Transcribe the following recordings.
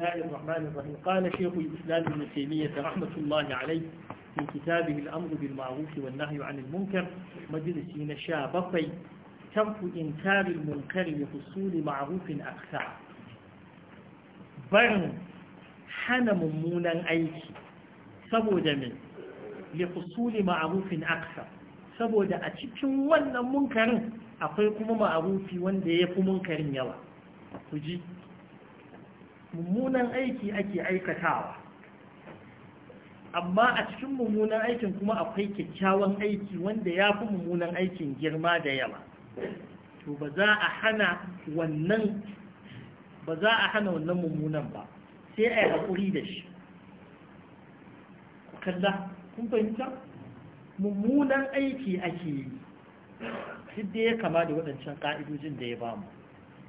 الله الرحمن الرحيم قال شيخ الإسلام ابن تيمية رحمة الله عليه في كتابه الأمر بالمعروف والنهي عن المنكر مجلسين شابقي ترك إنكار المنكر بحصول معروف أكثر برن حنا ممونا أيكي سبو دمين لحصول معروف أكثر سبو دا أتكن ولا منكر أقول كما معروف وان دي يفو منكر يلا تجي mummunan aiki ake aikatawa amma a cikin mummunan aikin kuma akwai kyakkyawan aiki wanda ya fi mummunan aikin girma da yawa to ba za a hana wannan ba za a hana wannan mummunan ba sai a yi haƙuri da shi kalla kun fahimta mummunan aiki ake yi duk da ya kama da waɗancan ƙa'idojin da ya bamu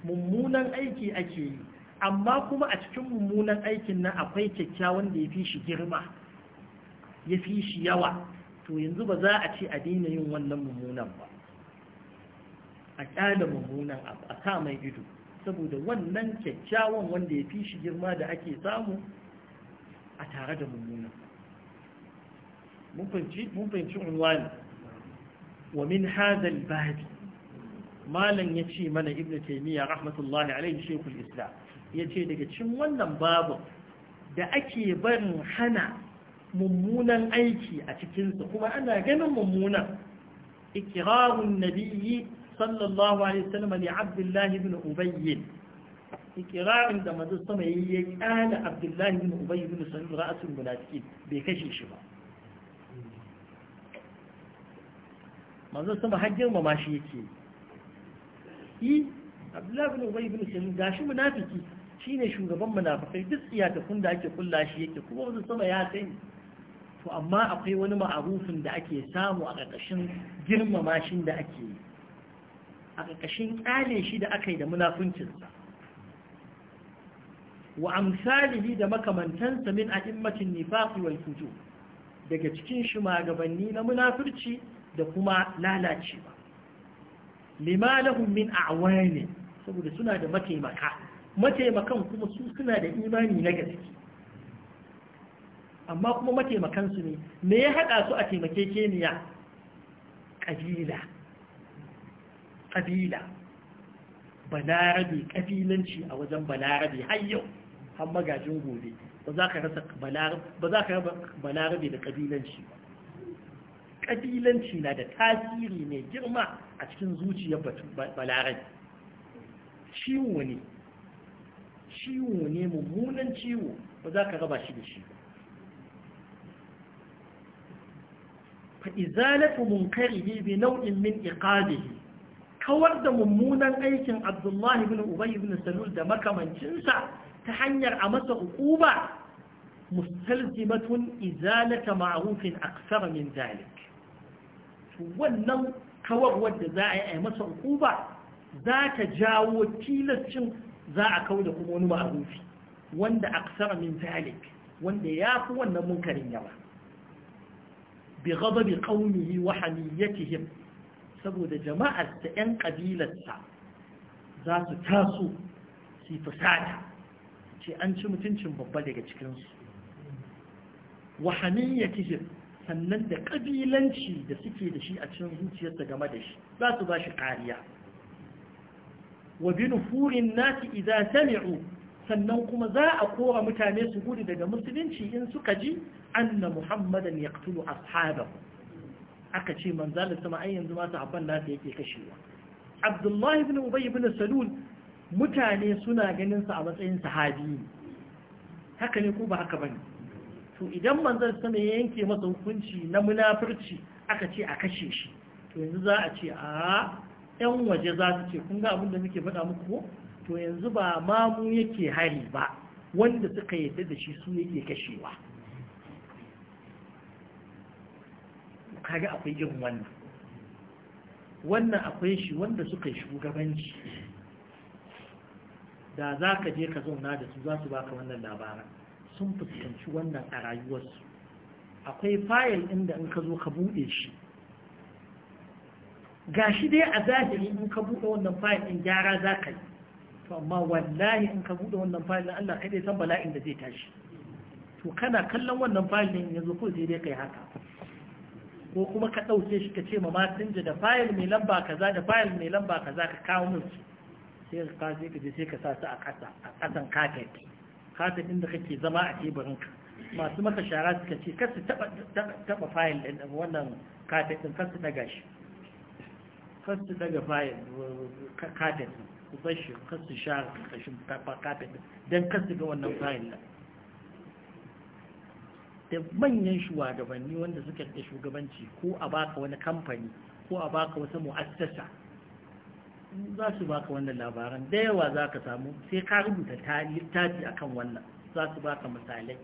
mummunan aiki ake yi amma kuma a cikin mummunan aikin nan akwai kyakkyawan da ya fi shi girma ya fi shi yawa to yanzu ba za a ce a daina yin wannan mummunan ba a ƙyale mummunan a sa mai ido saboda wannan kyakkyawan wanda ya fi shi girma da ake samu a tare da mummunan mun fahimci unwani wa min hadal babi malam ya ce mana ibnu taimiyya rahmatullahi alaihi shekul islam ya ce daga cin wannan babu da ake barin hana mummunan aiki a cikinsa kuma ana ganin mummunan ikirarun nabiyyi sallallahu alaihi wasallam li abdullahi bin ubayy ikirarin da manzo sama yayi ya kana abdullahi ibn ubayy ibn salul ra'sul munafiqin bai kashe shi ba manzo sama har girmama shi yake yi abdullahi ibn ubayy ibn salul gashi munafiki Shi ne shugaban munafukai duk iyakakun da ake kulla shi yake kuma wasu sama ya sai to amma akwai wani ma'arufin da ake samu a ƙarƙashin girmama shi da ake yi a ƙarƙashin ƙyale shi da aka yi da munafuncinsa wa amsalihi da makamantansa min a'immatin nifaqi wal fujur daga cikin shugabanni na munafurci da kuma lalacewa lima lahum min a'wani saboda suna da mataimaka mataimakan kuma su suna da imani na gaske amma kuma mataimakan su ne me ya haɗa su a taimake keniya ƙabila ƙabila balarabe ƙabilanci a wajen balarabe har yau har magajin gobe ba za ka rasa balarabe da ƙabilanci ba ƙabilanci na da tasiri mai girma a cikin zuciyar balarabe ciwo ne ciwo ne mummunan ciwo ba za ka raba shi da shi ba fa'izalatu munkarihi bi nau'in min iqabihi kawar da mummunan aikin abdullahi Ibn ubayi Ibn salul da makamancinsa ta hanyar a masa hukuba mustalzimatun izalata ma'rufin aksara min zalik wannan kawar wadda za a yi masa ukuba za ta jawo tilascin za a kau kuma wani ma'arufi wanda aksara min zalik wanda ya fi wannan munkarin yawa bi ghadabi qaumihi wa haniyatihim saboda jama'ar ta yan kabilarsa za su taso su fusata ce an ci mutuncin babba daga cikinsu wa haniyatihim sannan da kabilanci da suke da shi a cikin zuciyarsa game da shi za su ba shi kariya wa bi nufurin nasi idza sami'u sannan kuma za a kora mutane su gudu daga musulunci in suka ji anna muhammadan yaqtulu ashabahu aka ce manzalin sama ai yanzu ma sahabban nasu yake kashewa abdullahi ibn ubay ibn salul mutane suna ganin sa a matsayin sahabi haka ne ko ba haka bane to idan manzon sama ya yanke masa hukunci na munafurci aka ce a kashe shi to yanzu za a ce a 'yan waje za su ce kun ga abin da muke faɗa muku ko to yanzu ba mamu yake hari ba wanda suka yadda da shi su yake kashewa kaga akwai irin wannan wannan akwai shi wanda suka yi shugabanci da za ka je ka zauna da su za su baka wannan labaran sun fuskanci wannan a rayuwarsu akwai fayil inda in ka zo ka buɗe shi ga shi dai a zahiri in ka buɗe wannan fayil ɗin gyara za ka yi to amma wallahi in ka buɗe wannan fayil ɗin Allah dai san bala'in da zai tashi to kana kallon wannan fayil ɗin yanzu ko sai dai kai haka ko kuma ka ɗauke shi ka ce ma masinja da fayil mai lamba kaza da fayil mai lamba kaza ka kawo min su sai ka sai ka je sai ka sa su a ƙasa a ƙasan kafet kafet inda da kake zama a teburin ka masu maka shara suka ce kar su taɓa fayil ɗin wannan kafet ɗin kar su ɗaga shi kasu daga fayil kafet ku bashi kasu share kashin kafet don kasu ga wannan fayil nan da manyan shugabanni wanda suka da shugabanci ko a baka wani kamfani ko a baka wata mu'assasa za su baka wannan labaran da yawa za ka samu sai ka rubuta littafi akan wannan za su baka misalai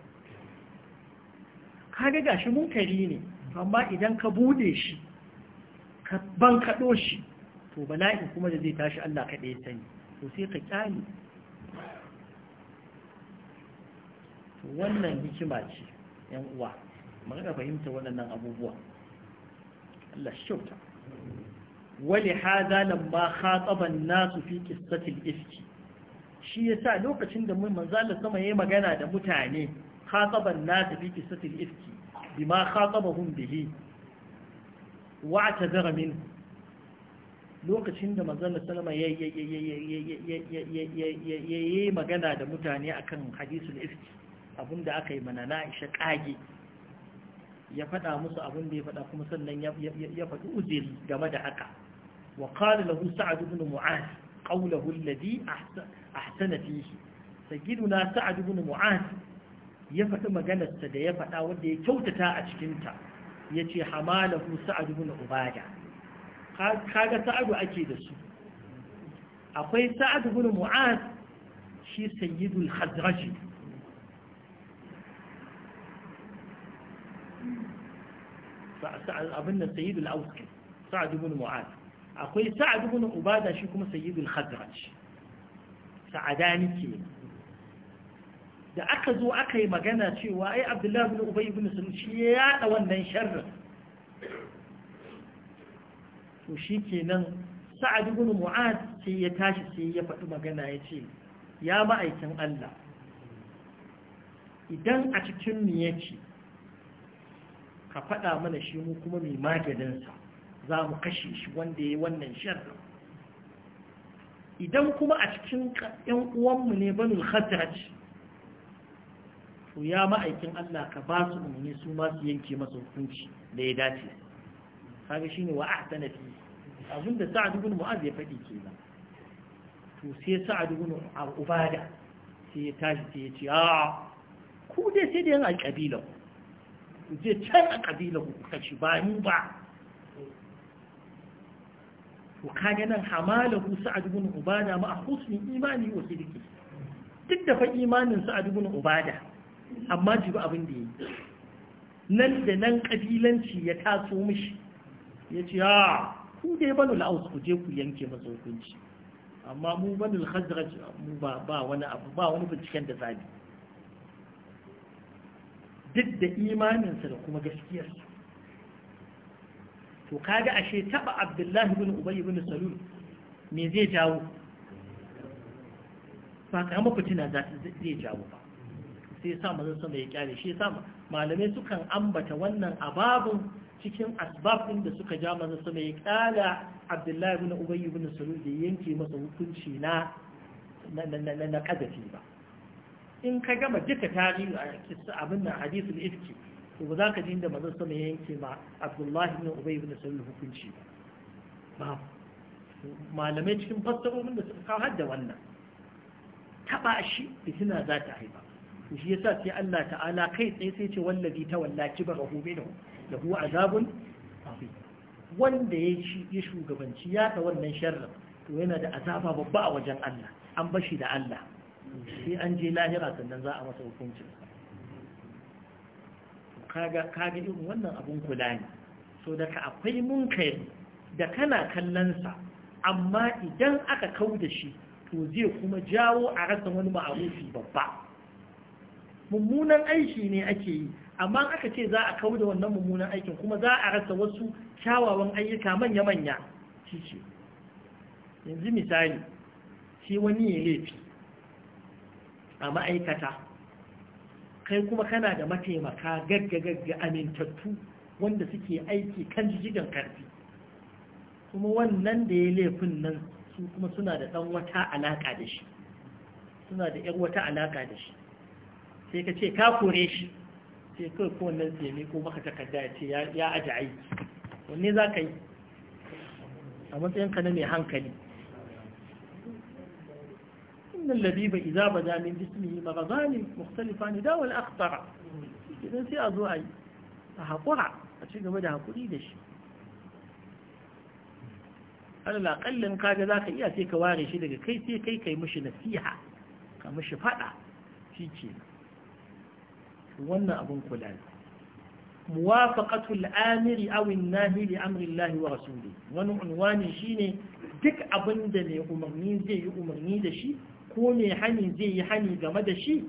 ka ga gashi munkari ne amma idan ka bude shi ka ban kaɗo shi to bala'i kuma da zai tashi Allah kaɗai sani to sai ka kyale wannan hikima ce ‘yan uwa maka fahimta waɗannan abubuwa Allah shi kyauta wani haza nan ba hatsaban nasu fi kistatil iski shi ya sa lokacin da mun manzala sama ya yi magana da mutane hatsaban nasu fi kistatil iski bi ma hun bihi wa ta zara min lokacin da manzannin salama ya yi magana da mutane akan hadisul iski abinda aka yi mana na isha kage ya faɗa musu abin da ya faɗa kuma sannan ya faɗi uziri game da haka wa qala lahu sa'ad ibn mu'az qawluhu alladhi ahsana Sagidu Na, sa'ad ibn mu'az ya faɗi maganar da ya faɗa wanda ya kyautata a cikinta. ya ce hamalahu sa'adu ibn ubada kaga sa'adu ake da su akwai sa'adu ibn mu'az shi sayyidul hazraji abin da sayyidul auski sa'ad ibn mu'az akwai sa'adu ibn ubada shi kuma sayyidul hazraji sa'adani kenan da aka zo aka yi magana cewa ai abdullahi bin ubay bin sulul shi ya yada wannan sharrin to shi kenan sa'ad bin mu'ad sai ya tashi sai ya faɗi magana ya ce ya ma'aikin Allah idan a cikin mu yake ka faɗa mana shi mu kuma mai maganinsa za mu kashe shi wanda ya yi wannan sharrin idan kuma a cikin ‘yan uwanmu ne banul khadraj to ya ma'aikin Allah ka ba su umarni su ma su yanke masa hukunci da ya dace kaga shine wa ahdana fi abinda sa'ad ibn mu'az ya faɗi kenan to sai sa'ad ibn ubada sai ya tashi sai ya ce a ku dai sai da yan alƙabila ku je can a ƙabila ku kashi ba mu ba to kaga nan hamalahu sa'ad ibn ubada ma a husni imani wa sidiki duk da fa imanin sa'ad ibn ubada amma ba abin da yi nan da nan ƙabilanci ya taso mishi ya ce ya ku dai banu la'aus ku je ku yanke masa hukunci amma mu banu al-khazraj mu ba wani abu ba wani binciken da zabi duk da imaninsa da kuma gaskiyarsa to kaga ashe taba abdullahi bin ubayy bin salul me zai jawo ba kama fitina zai jawo ba sai sa manzon sama ya kyale shi sa malamai sukan ambata wannan ababun cikin asbabin da suka ja manzon sama ya kyala Abdullahi ibn Ubay ibn Salul da yanke masa hukunci na na na kadafi ba in ka gama duka tarihi a kissa abin nan hadithul ifki to ba za ka ji inda manzon sama ya yanke ma Abdullahi ibn Ubay ibn Salul hukunci ba malamai cikin fassarorin da suka kawo hadda wannan taba shi fitina za ta haifa shi yasa sai Allah ta'ala kai tsaye sai ce wallazi tawalla kibarahu da huwa azabun azim wanda ya ya shugabanci ya ta wannan sharrin to yana da azaba babba a wajen Allah an bashi da Allah sai an je lahira sannan za a masa hukunci kaga kaga irin wannan abun kula ne so daga akwai munkari da kana kallon sa amma idan aka kau da shi to zai kuma jawo a rasa wani ma'arufi babba mummunan aiki ne ake yi amma aka ce za a kawo da wannan mummunan aikin kuma za a rasa wasu kyawawan ayyuka manya-manya shi ce yanzu misali shi wani ya laifi a ma'aikata kai kuma kana da mataimaka gaggagagga amintattu wanda suke aiki kan jijigan karfi kuma wannan da ya laifin nan su kuma suna da ɗan wata alaƙa da shi suna da ‘yar wata alaƙa da shi sai ka ce ka kore shi sai ka ko nan zai ko baka takarda ya ce ya aji aiki wanne za ka yi a matsayin ka na mai hankali innan labiba iza ba za min jismihi ma ba ne mukhtalifa da wani idan sai a zo a yi a haƙura a ci gaba da haƙuri da shi ala laƙallin kaga za ka iya sai ka ware shi daga kai sai kai kai mashi nasiha ka mashi faɗa shi ce. wannan abin kula ne muwafaqatul amiri aw an-nahi li amri Allah wa rasuli wani unwani shine duk abin da mai umarni zai yi umarni da shi ko mai hani zai yi hani game da shi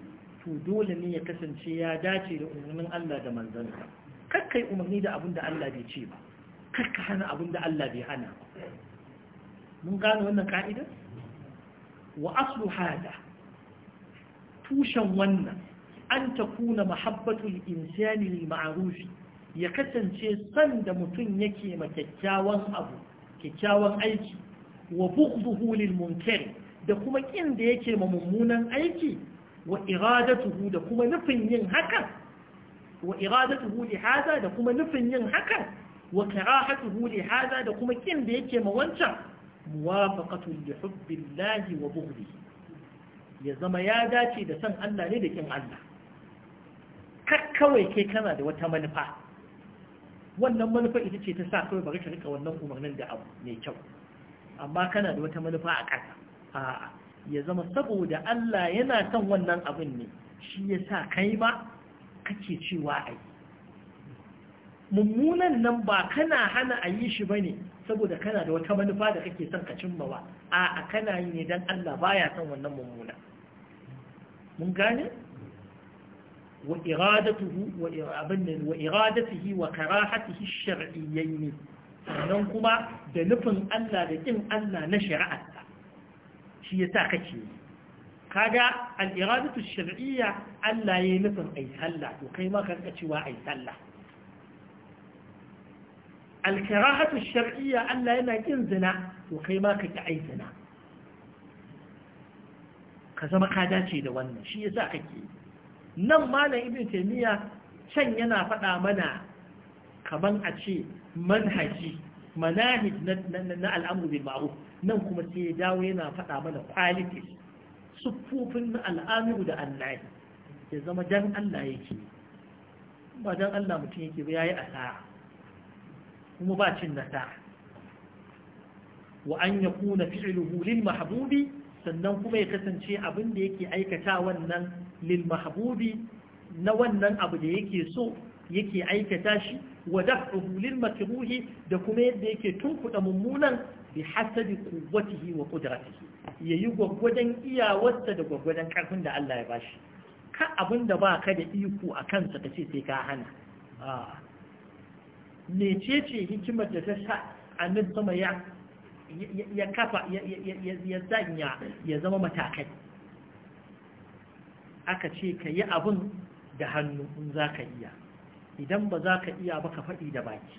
to dole ne ya kasance ya dace da umarnin Allah da manzansa kakkai umarni da abin da Allah bai ce ba kakka hana abin da Allah bai hana mun gane wannan ka'ida wa aslu hada tushen wannan an ta kuna mahabbatul insani lil ya kasance san da mutum yake ma kyakkyawan abu kyakkyawan aiki wa bughdhuhu lil munkar da kuma kin da yake ma mummunan aiki wa iradatuhu da kuma nufin yin hakan wa iradatuhu li hada da kuma nufin yin hakan wa karahatuhu li hada da kuma kin da yake ma wancan muwafaqatu li hubbillahi wa bughdihi ya zama ya dace da san Allah ne da kin Allah kawai kai kana da wata manufa wannan manufa ita ce ta sa kawai bari ka rika wannan umarnin da abu mai kyau amma kana da wata manufa a ƙasa a'a ya zama saboda Allah yana son wannan abin ne shi ya sa kai ma kake cewa a yi mummunan nan ba kana hana a yi shi ba ne saboda kana da wata manufa da kake son ka cimma ba a kana yi ne don Allah baya son wannan mummuna mun gane وإرادته وإرادته وكراهته ne. sannan kuma da nufin Allah da ƙin Allah na shari'arsa shi ya sa kake kaga al'iradatu shari'iyya Allah ya yi nufin ai sallah to kai ma karka cewa ai sallah al-karahatu shar'iyya Allah yana ƙin zina to kai ma kake ai zina ka zama ka dace da wannan shi ya sa kake yi nan malam ibn taymiya can yana faɗa mana kaman a ce manhaji manahij na al'amru bil ma'ruf nan kuma sai ya dawo yana faɗa mana qualities sufufin na al'amiru da annahi ya zama dan Allah yake ba dan Allah mutum yake ba yayi asara kuma ba cin nasara wa an yakuna fi'luhu lil mahbubi sannan kuma ya kasance abin da yake aikata wannan lil mahbubi na wannan abu da yake so yake aikata shi wa daf'uhu lil makruhi da kuma yadda yake tunkuda mummunan bi hasabi quwwatihi wa qudratihi yayi gwagwadan iyawarsa da gwagwadan karfin da Allah ya bashi ka abinda ba ka da iko a kansa ka ce sai ka hana mecece hikimar da ta sa annabi sama ya ya kafa ya zanya ya zama matakai aka ce ka yi abin da hannu in za ka iya idan ba za ka iya ba ka faɗi da baki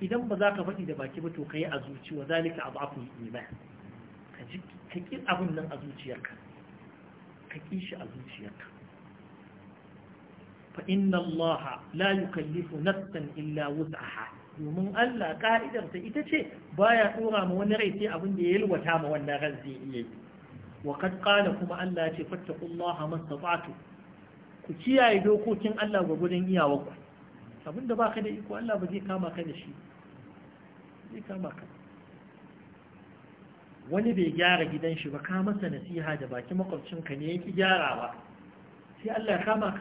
idan ba za ka faɗi da baki ba to ka yi a zuci wa zalika abu aku iman ka ƙi abin nan a zuciyarka ka ƙi shi a zuciyarka fa inna allaha la yukallifu nafsan illa wus'aha domin Allah ka'idarsa ita ce baya tsora ma wani rai sai abin da ya yalwata ma wannan ran zai iya yi wa kad qala kuma Allah ya ce fattaqullaha mastata'tu ku kiyaye dokokin Allah ga gurin iyawarku abinda baka da iko Allah ba zai kama ka da shi zai kama ka wani bai gyara gidan shi ba ka masa nasiha da baki makwabcinka ne yake ba. sai Allah ya kama ka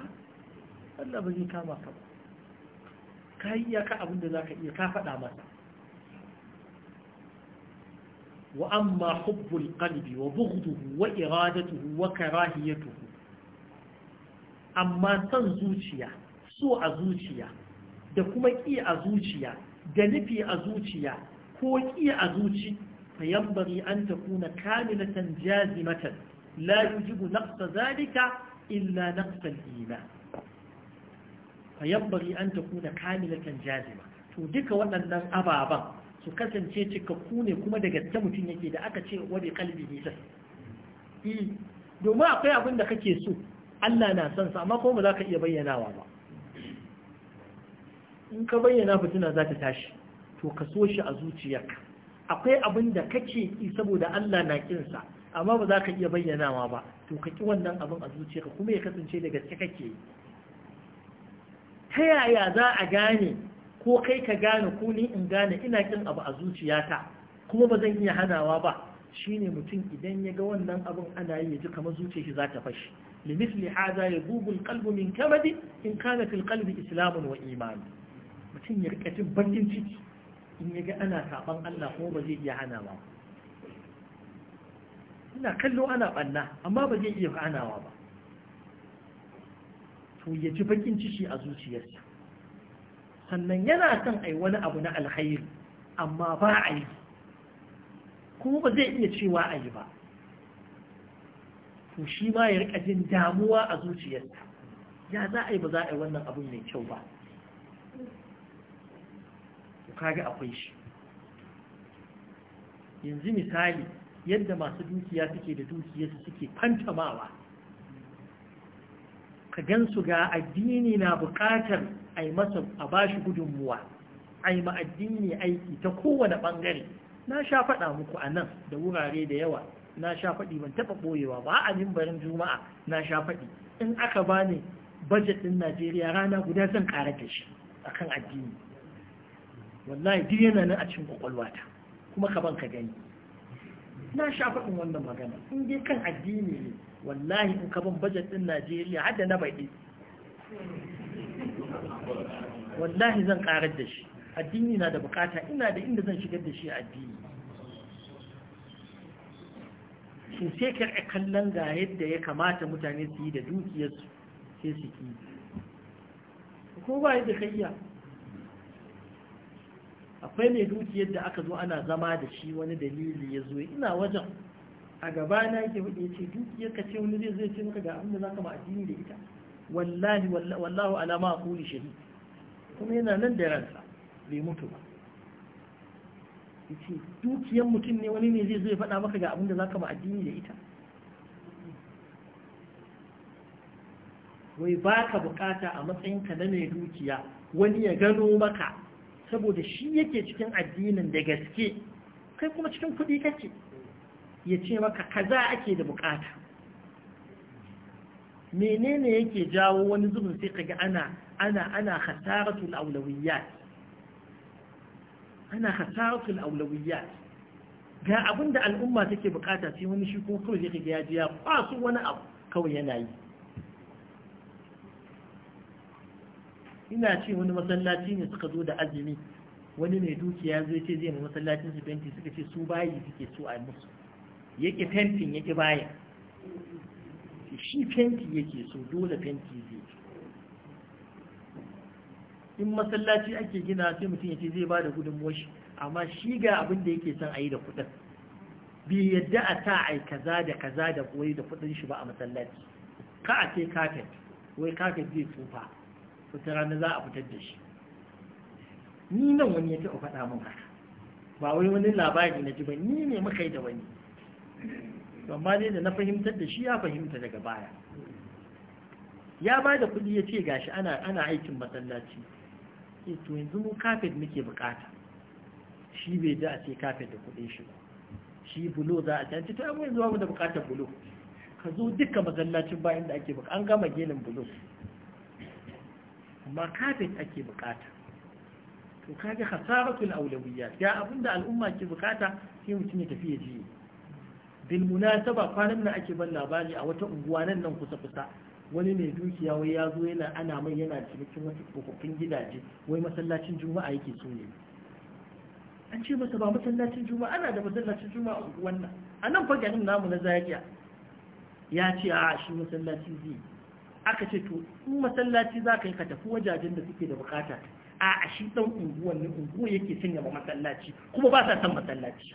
Allah ba zai kama ka ba ka yi iyaka abinda za ka iya ka faɗa masa wa amma hubbul qalbi wa bughduhu wa iradatuhu wa karahiyatuhu amma san zuciya so a zuciya da kuma ƙi a zuciya da nufi a zuciya ko ƙi a zuci fa an takuna kamilatan jazimatan la yujibu naqsa zalika illa to duka waɗannan ababan su kasance cikakku ne kuma da gaske mutum yake da aka ce wani kalbi ne qalbi yi eh, domin akwai abin da kake so Allah na son sa amma ko ba za ka iya bayyanawa ba in ka bayyana fitina za ta tashi to ka so shi a zuciyarka akwai abin da kake yi saboda Allah na kinsa amma ba za ka iya bayyanawa ba to ka ki wannan abin a zuciyarka kuma ya kasance da gaske kake ta yaya za a gane ko kai ka gane ko ni in gane ina kin abu a zuciyata kuma ba zan iya hanawa ba shine mutum idan ya ga wannan abun ana yi ya ji kamar zuciyar shi za ta fashi limisli hada ya gugul kalbu min kamadi in kana fil kalbi islamun wa imani mutum ya rika jin bakin ciki in ya ga ana saban Allah kuma ba zai iya hanawa ina kallo ana banna amma ba zai iya hanawa ba to ya ji bakin ciki a zuciyarsa sannan yana son yi wani abu na alhairi amma ba a yi kuma ba zai iya cewa a yi ba to shi ma ya rika jin damuwa a zuciyarsa ya za a yi ba za a yi wannan abu mai kyau ba Ku kaga akwai shi yanzu misali yadda masu dukiya suke da dukiyarsu suke fantamawa ka gan su ga addini na bukatar a yi masa a bashi gudunmuwa a yi ma'addini aiki ta kowane ɓangare na sha faɗa muku a nan da wurare da yawa na sha faɗi ban taɓa ɓoyewa ba a mimbarin juma'a na sha faɗi in aka bani budget ɗin najeriya rana guda zan ƙara da shi akan addini wallahi duk yana nan a cikin kwakwalwata kuma ka ban ka gani na sha faɗin wannan magana in dai kan addini ne wallahi in ka ban budget ɗin najeriya har da na baɗi wallahi zan karar da shi addini na da bukata ina da inda zan shigar da shi addini shi sai ka kallon ga yadda ya kamata mutane su yi da dukiyarsu sai su ki ko ba yadda kayya akwai mai dukiyar da aka zo ana zama da shi wani dalili ya zo ina wajen a gabana yake ya ce dukiyar ka ce wani zai zai ce maka ga abin da za ka ma addini da ita wallahi wallahu alama aquli shi kuma yana nan da ransa bai mutu ba yace dukiyar mutum ne wani ne zai zo ya faɗa maka ga abin da zaka ba addini da ita wai baka bukata a matsayin ka na mai dukiya wani ya gano maka saboda shi yake cikin addinin da gaske kai kuma cikin kuɗi kake ya ce maka kaza ake da bukata menene yake jawo wani zubin sai kaga ana ana ana khasaratul aulawiyat ana khasaratul aulawiyat ga abinda al'umma take bukata sai wani shi ko kawai zai kaga ya ji ya kwasu wani abu kawai yana yi ina ce wani masallaci ne suka zo da azumi wani mai dukiya zai ce zai mai masallacin su fenti suka ce su bayi suke so a musu yake fentin yake bayan shi fenti yake so dole fenti zai in masallaci ake gina sai mutum ya ce zai ba da gudunmuwar shi amma shi ga abin da yake son a yi da kuɗin bai yadda a ta ai kaza da kaza da koyi da kuɗin shi ba a masallaci ka a sai kafet wai kafet zai tsufa fitar rana za a fitar da shi ni nan wani ya taɓa faɗa min haka ba wai wani labari na ji ba ni ne muka yi da wani amma dai da na fahimtar da shi ya fahimta daga baya ya ba da kudi ya ce gashi ana ana aikin masallaci sai eh, to yanzu mu kafet muke bukata shi bai da a ce kafet da kudin shi ba shi bulo za a canci to yanzu zuwa da bukatar bulo ka zo duka masallacin bayan da ake bukata an gama gelin bulo amma kafet ake bukata to kage hasaratul aulawiyat ya abinda al'umma ke bukata sai mutum ya tafi ya jiye bil munasaba kwanan nan ake ban labari a wata unguwa nan nan kusa kusa wani mai dukiya wai ya zo yana ana mai yana cikin wasu tsofaffin gidaje wai masallacin juma'a yake so ne an ce masa ba masallacin juma'a ana da masallacin juma'a a unguwan nan a nan faganin namu na zaria ya ce a shi masallaci zai aka ce to in masallaci za ka yi ka tafi wajajen da suke da bukata a shi dan unguwan ne unguwa yake son ya ba masallaci kuma ba sa san masallaci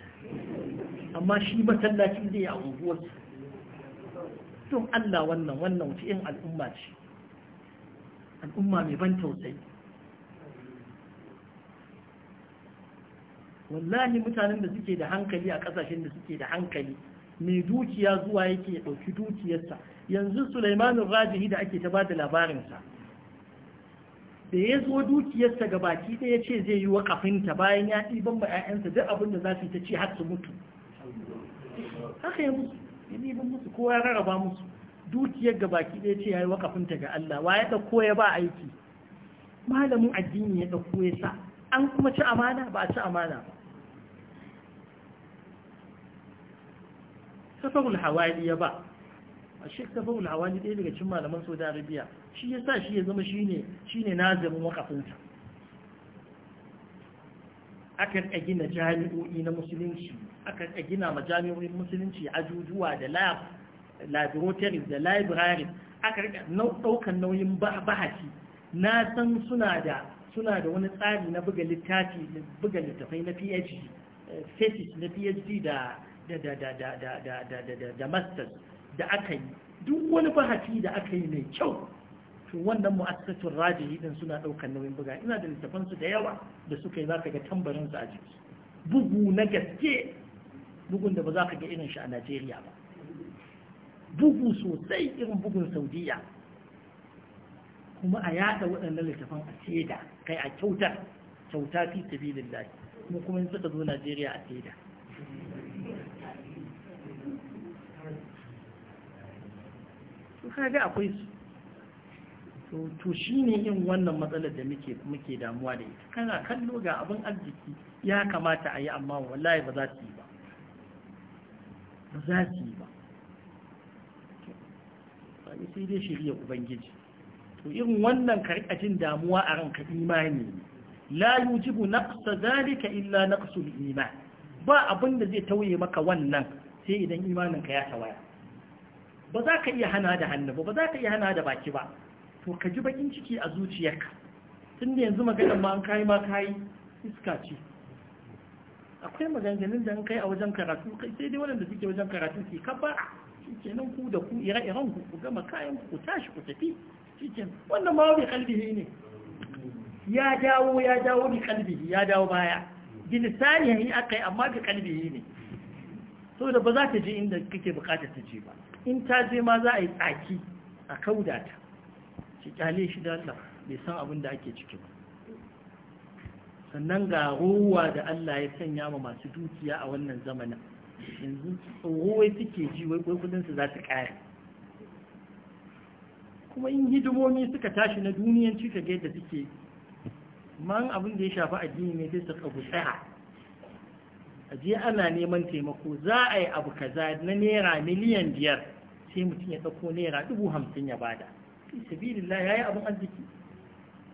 amma shi masallaci zai a unguwar don Allah wannan wannan wuce in al'umma ce al'umma mai ban tausayi wallahi mutanen da suke da hankali a kasashen da suke da hankali mai dukiya zuwa yake ya ɗauki dukiyarsa yanzu sulaimanin rajihi da ake ta ba da labarinsa da ya zo dukiyarsa ga baki ɗaya ce zai yi wa kafinta bayan ya ɗiban ba 'ya'yansa duk abin da za su yi ta ce har su mutu haka ya musu ya ɗiban musu ko ya rarraba musu dukiyar ga baki ɗaya ce ya yi wa kafinta ga Allah wa ya ɗauko ya ba aiki malamin addini ya ɗauko ya sa an kuma ci amana ba a ci amana ba kafarul hawali ya ba a shek kafarul hawali ɗaya daga cin malaman saudi arabia shi ya sa shi ya zama shi ne nazirin wakafinsa akan a gina jami'o'i na musulunci akan a gina ma jami'o'in musulunci ajujuwa da lab da libraries rika ɗaukan nauyin bahasi na san suna da suna da wani tsari na buga littafi buga littafai na phd eh, thesis na phd da da da da da da da da da da masters da aka yi duk wani bahasi da aka yi mai kyau to wannan mu'assasatul rajihi din suna daukar nauyin buga ina da littafan su da yawa da suka yi zaka ga tambarin su a jiki bugu na gaske bugun da ba za ka ga irin shi a Najeriya ba bugu sosai irin bugun Saudiya kuma a yada waɗannan littafan a seda kai a kyautar kyauta fi sabilillah kuma kuma in suka zo Najeriya a seda kaga akwai su to shi ne yin wannan matsalar da muke damuwa da ita kana kallo ga abin arziki ya kamata a yi amma wallahi ba za su yi ba ba za su yi ba sami sai dai shirya ubangiji to irin wannan karkacin damuwa a ranka imani la yujibu naqsa zalika illa al iman ba abin da zai tauye maka wannan sai idan imaninka ya tawaya ba za ka iya hana da hannu ba ba za ka iya hana da baki ba to ka ji bakin ciki a zuciyarka tun da yanzu maganin ma an kayi ma kayi iska ce akwai maganganun da an kai a wajen karatu kai sai dai waɗanda suke wajen karatu ke kaba shi ku da ku ire-iren ku ku gama kayan ku tashi ku tafi Cikin wannan ma wani kalbihi ne ya dawo ya dawo bi kalbihi ya dawo baya bilisani yayi akai amma bi kalbihi ne saboda ba za ta je inda kake bukatar ta je ba in ta je ma za a yi tsaki a kaudata ki kyale shi da Allah bai san abin da ake ciki ba sannan ga ruwa da Allah ya sanya ma masu dukiya a wannan zamanin yanzu ruwai suke ji wai kudin su za su kare kuma in hidimomi suka tashi na duniyar ka ga yadda suke man abin da ya shafi addini ne sai su kabu tsaya a je ana neman taimako za a yi abu kaza na naira miliyan biyar sai mutum ya ɗauko naira dubu hamsin ya bada fi sabilillah yayi abin arziki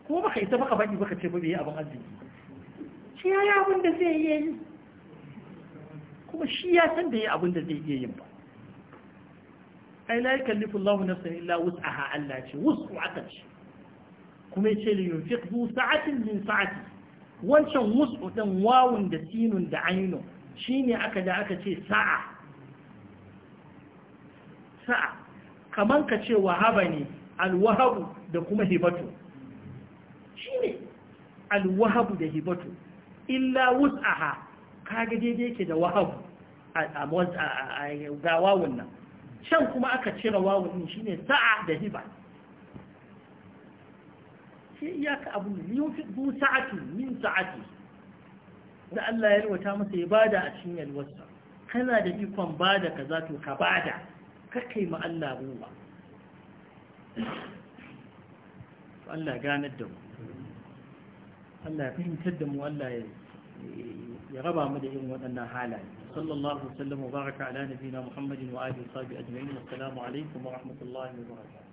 ko baka baka baka ce ba bai abin arziki shi yayi abin da zai iya yi kuma shi ya san da yi abin da zai iya yin ba ai la Allahu nafsan illa wus'aha Allah ce wus'u aka ce kuma yace li yunfiq bu sa'atin min sa'ati wancan wus'u ɗin wawun da sinun da ainun shine aka da aka ce sa'a sa'a kaman ka ce wahaba ne alwahabu da kuma hibatu shi ne alwahabu da hibatu illa wus'aha kaga daidai yake da wahabu ga wawun nan can kuma aka cire wawun shi ne sa'a da hiba sai iyaka abu ne yufi bu sa'ati min sa'ati da Allah ya rawata masa ya bada a cikin yalwarsa kana da ikon bada kaza to ka bada kakai ma Allah ruwa Allah ganar da mu Allah ya fahimtar da mu Allah ya raba mu da irin waɗannan halaye sallallahu alaihi wa sallam wa baraka ala nabiyina muhammadin wa alihi wa sahbihi ajma'in assalamu alaikum wa rahmatullahi wa barakatuh